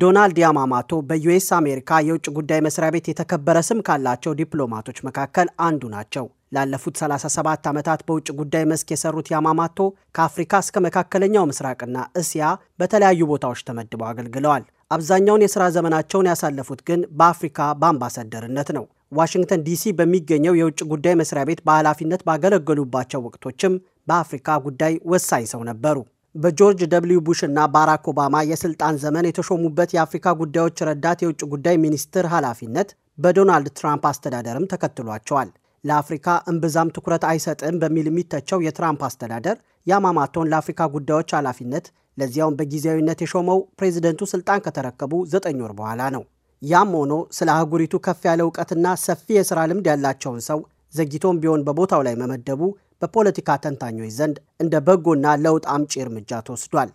ዶናልድ ያማማቶ በዩኤስ አሜሪካ የውጭ ጉዳይ መስሪያ ቤት የተከበረ ስም ካላቸው ዲፕሎማቶች መካከል አንዱ ናቸው። ላለፉት 37 ዓመታት በውጭ ጉዳይ መስክ የሰሩት ያማማቶ ከአፍሪካ እስከ መካከለኛው ምስራቅና እስያ በተለያዩ ቦታዎች ተመድበው አገልግለዋል። አብዛኛውን የሥራ ዘመናቸውን ያሳለፉት ግን በአፍሪካ በአምባሳደርነት ነው። ዋሽንግተን ዲሲ በሚገኘው የውጭ ጉዳይ መስሪያ ቤት በኃላፊነት ባገለገሉባቸው ወቅቶችም በአፍሪካ ጉዳይ ወሳኝ ሰው ነበሩ። በጆርጅ ደብሊው ቡሽ እና ባራክ ኦባማ የስልጣን ዘመን የተሾሙበት የአፍሪካ ጉዳዮች ረዳት የውጭ ጉዳይ ሚኒስትር ኃላፊነት በዶናልድ ትራምፕ አስተዳደርም ተከትሏቸዋል። ለአፍሪካ እምብዛም ትኩረት አይሰጥም በሚል የሚተቸው የትራምፕ አስተዳደር የአማማቶን ለአፍሪካ ጉዳዮች ኃላፊነት ለዚያውም በጊዜያዊነት የሾመው ፕሬዚደንቱ ስልጣን ከተረከቡ ዘጠኝ ወር በኋላ ነው። ያም ሆኖ ስለ አህጉሪቱ ከፍ ያለ እውቀትና ሰፊ የሥራ ልምድ ያላቸውን ሰው ዘግይቶም ቢሆን በቦታው ላይ መመደቡ በፖለቲካ ተንታኞች ዘንድ እንደ በጎና ለውጥ አምጪ እርምጃ ተወስዷል።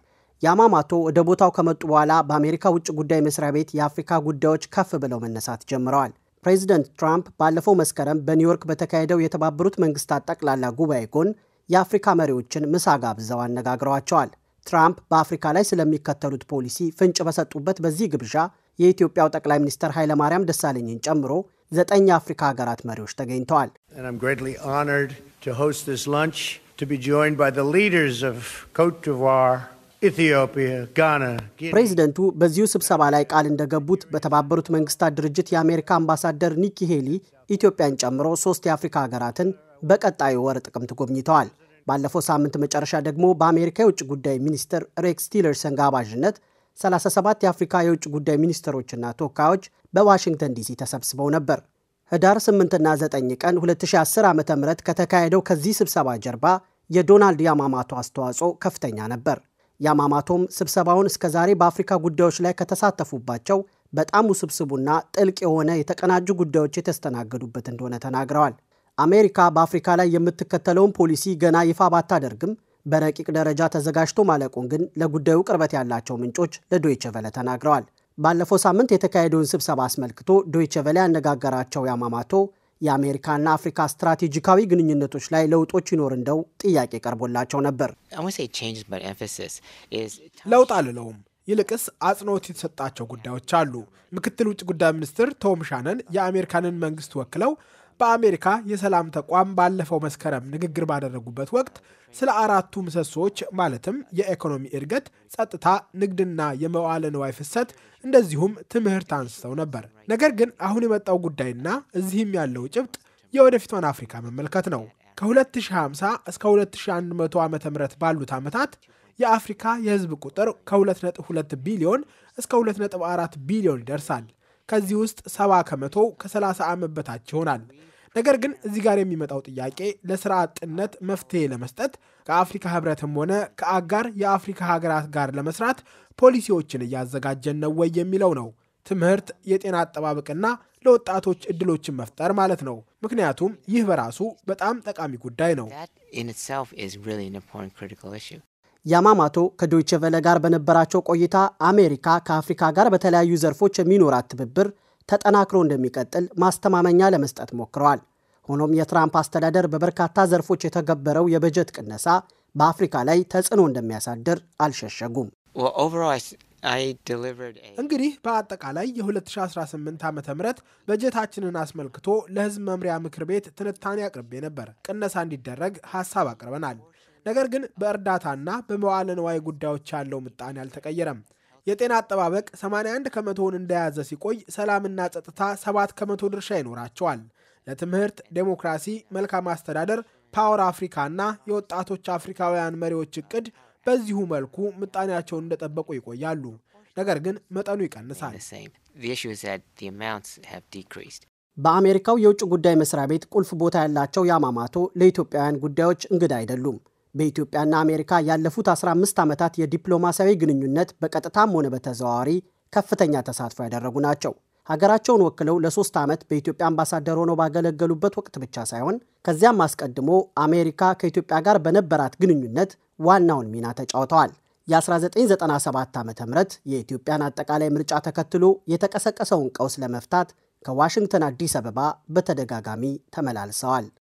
ያማማቶ ወደ ቦታው ከመጡ በኋላ በአሜሪካ ውጭ ጉዳይ መስሪያ ቤት የአፍሪካ ጉዳዮች ከፍ ብለው መነሳት ጀምረዋል። ፕሬዚደንት ትራምፕ ባለፈው መስከረም በኒውዮርክ በተካሄደው የተባበሩት መንግስታት ጠቅላላ ጉባኤ ጎን የአፍሪካ መሪዎችን ምሳ ጋብዘው አነጋግረዋቸዋል። ትራምፕ በአፍሪካ ላይ ስለሚከተሉት ፖሊሲ ፍንጭ በሰጡበት በዚህ ግብዣ የኢትዮጵያው ጠቅላይ ሚኒስትር ኃይለማርያም ደሳለኝን ጨምሮ ዘጠኝ የአፍሪካ ሀገራት መሪዎች ተገኝተዋል። to host this lunch, to be joined by the leaders of Cote d'Ivoire. ፕሬዚደንቱ በዚሁ ስብሰባ ላይ ቃል እንደገቡት በተባበሩት መንግስታት ድርጅት የአሜሪካ አምባሳደር ኒኪ ሄሊ ኢትዮጵያን ጨምሮ ሶስት የአፍሪካ ሀገራትን በቀጣዩ ወር ጥቅምት ጎብኝተዋል። ባለፈው ሳምንት መጨረሻ ደግሞ በአሜሪካ የውጭ ጉዳይ ሚኒስትር ሬክስ ቲለርሰን ጋባዥነት 37 የአፍሪካ የውጭ ጉዳይ ሚኒስትሮችና ተወካዮች በዋሽንግተን ዲሲ ተሰብስበው ነበር። ህዳር 8ና 9 ቀን 2010 ዓ ም ከተካሄደው ከዚህ ስብሰባ ጀርባ የዶናልድ ያማማቶ አስተዋጽኦ ከፍተኛ ነበር። ያማማቶም ስብሰባውን እስከ ዛሬ በአፍሪካ ጉዳዮች ላይ ከተሳተፉባቸው በጣም ውስብስቡና ጥልቅ የሆነ የተቀናጁ ጉዳዮች የተስተናገዱበት እንደሆነ ተናግረዋል። አሜሪካ በአፍሪካ ላይ የምትከተለውን ፖሊሲ ገና ይፋ ባታደርግም በረቂቅ ደረጃ ተዘጋጅቶ ማለቁን ግን ለጉዳዩ ቅርበት ያላቸው ምንጮች ለዶይቸ ቨለ ተናግረዋል። ባለፈው ሳምንት የተካሄደውን ስብሰባ አስመልክቶ ዶይቸ ቬለ ያነጋገራቸው ያማማቶ የአሜሪካና አፍሪካ ስትራቴጂካዊ ግንኙነቶች ላይ ለውጦች ይኖር እንደው ጥያቄ ቀርቦላቸው ነበር። ለውጥ አልለውም፣ ይልቅስ አጽንኦት የተሰጣቸው ጉዳዮች አሉ። ምክትል ውጭ ጉዳይ ሚኒስትር ቶም ሻነን የአሜሪካንን መንግስት ወክለው በአሜሪካ የሰላም ተቋም ባለፈው መስከረም ንግግር ባደረጉበት ወቅት ስለ አራቱ ምሰሶዎች ማለትም የኢኮኖሚ እድገት፣ ጸጥታ፣ ንግድና የመዋለ ንዋይ ፍሰት እንደዚሁም ትምህርት አንስተው ነበር። ነገር ግን አሁን የመጣው ጉዳይና እዚህም ያለው ጭብጥ የወደፊቷን አፍሪካ መመልከት ነው። ከ2050 እስከ 2100 ዓ ም ባሉት ዓመታት የአፍሪካ የህዝብ ቁጥር ከ2.2 ቢሊዮን እስከ 2.4 ቢሊዮን ይደርሳል። ከዚህ ውስጥ ሰባ ከመቶ ከ30 ዓመት በታች ይሆናል። ነገር ግን እዚህ ጋር የሚመጣው ጥያቄ ለስራ አጥነት መፍትሄ ለመስጠት ከአፍሪካ ህብረትም ሆነ ከአጋር የአፍሪካ ሀገራት ጋር ለመስራት ፖሊሲዎችን እያዘጋጀን ነው ወይ የሚለው ነው። ትምህርት፣ የጤና አጠባበቅና ለወጣቶች እድሎችን መፍጠር ማለት ነው። ምክንያቱም ይህ በራሱ በጣም ጠቃሚ ጉዳይ ነው። ያማማቶ ከዶይቸ ቨለ ጋር በነበራቸው ቆይታ አሜሪካ ከአፍሪካ ጋር በተለያዩ ዘርፎች የሚኖራት ትብብር ተጠናክሮ እንደሚቀጥል ማስተማመኛ ለመስጠት ሞክረዋል። ሆኖም የትራምፕ አስተዳደር በበርካታ ዘርፎች የተገበረው የበጀት ቅነሳ በአፍሪካ ላይ ተጽዕኖ እንደሚያሳድር አልሸሸጉም። እንግዲህ በአጠቃላይ የ2018 ዓ ም በጀታችንን አስመልክቶ ለሕዝብ መምሪያ ምክር ቤት ትንታኔ አቅርቤ ነበር። ቅነሳ እንዲደረግ ሀሳብ አቅርበናል። ነገር ግን በእርዳታና በመዋለ ንዋይ ጉዳዮች ያለው ምጣኔ አልተቀየረም። የጤና አጠባበቅ 81 ከመቶውን እንደያዘ ሲቆይ ሰላምና ጸጥታ 7 ከመቶ ድርሻ ይኖራቸዋል። ለትምህርት፣ ዴሞክራሲ፣ መልካም አስተዳደር፣ ፓወር አፍሪካ እና የወጣቶች አፍሪካውያን መሪዎች እቅድ በዚሁ መልኩ ምጣኔያቸውን እንደጠበቁ ይቆያሉ። ነገር ግን መጠኑ ይቀንሳል። በአሜሪካው የውጭ ጉዳይ መስሪያ ቤት ቁልፍ ቦታ ያላቸው ያማማቶ ለኢትዮጵያውያን ጉዳዮች እንግዳ አይደሉም። በኢትዮጵያና አሜሪካ ያለፉት 15 ዓመታት የዲፕሎማሲያዊ ግንኙነት በቀጥታም ሆነ በተዘዋዋሪ ከፍተኛ ተሳትፎ ያደረጉ ናቸው። ሀገራቸውን ወክለው ለሶስት ዓመት በኢትዮጵያ አምባሳደር ሆነው ባገለገሉበት ወቅት ብቻ ሳይሆን ከዚያም አስቀድሞ አሜሪካ ከኢትዮጵያ ጋር በነበራት ግንኙነት ዋናውን ሚና ተጫውተዋል። የ1997 ዓ ም የኢትዮጵያን አጠቃላይ ምርጫ ተከትሎ የተቀሰቀሰውን ቀውስ ለመፍታት ከዋሽንግተን አዲስ አበባ በተደጋጋሚ ተመላልሰዋል።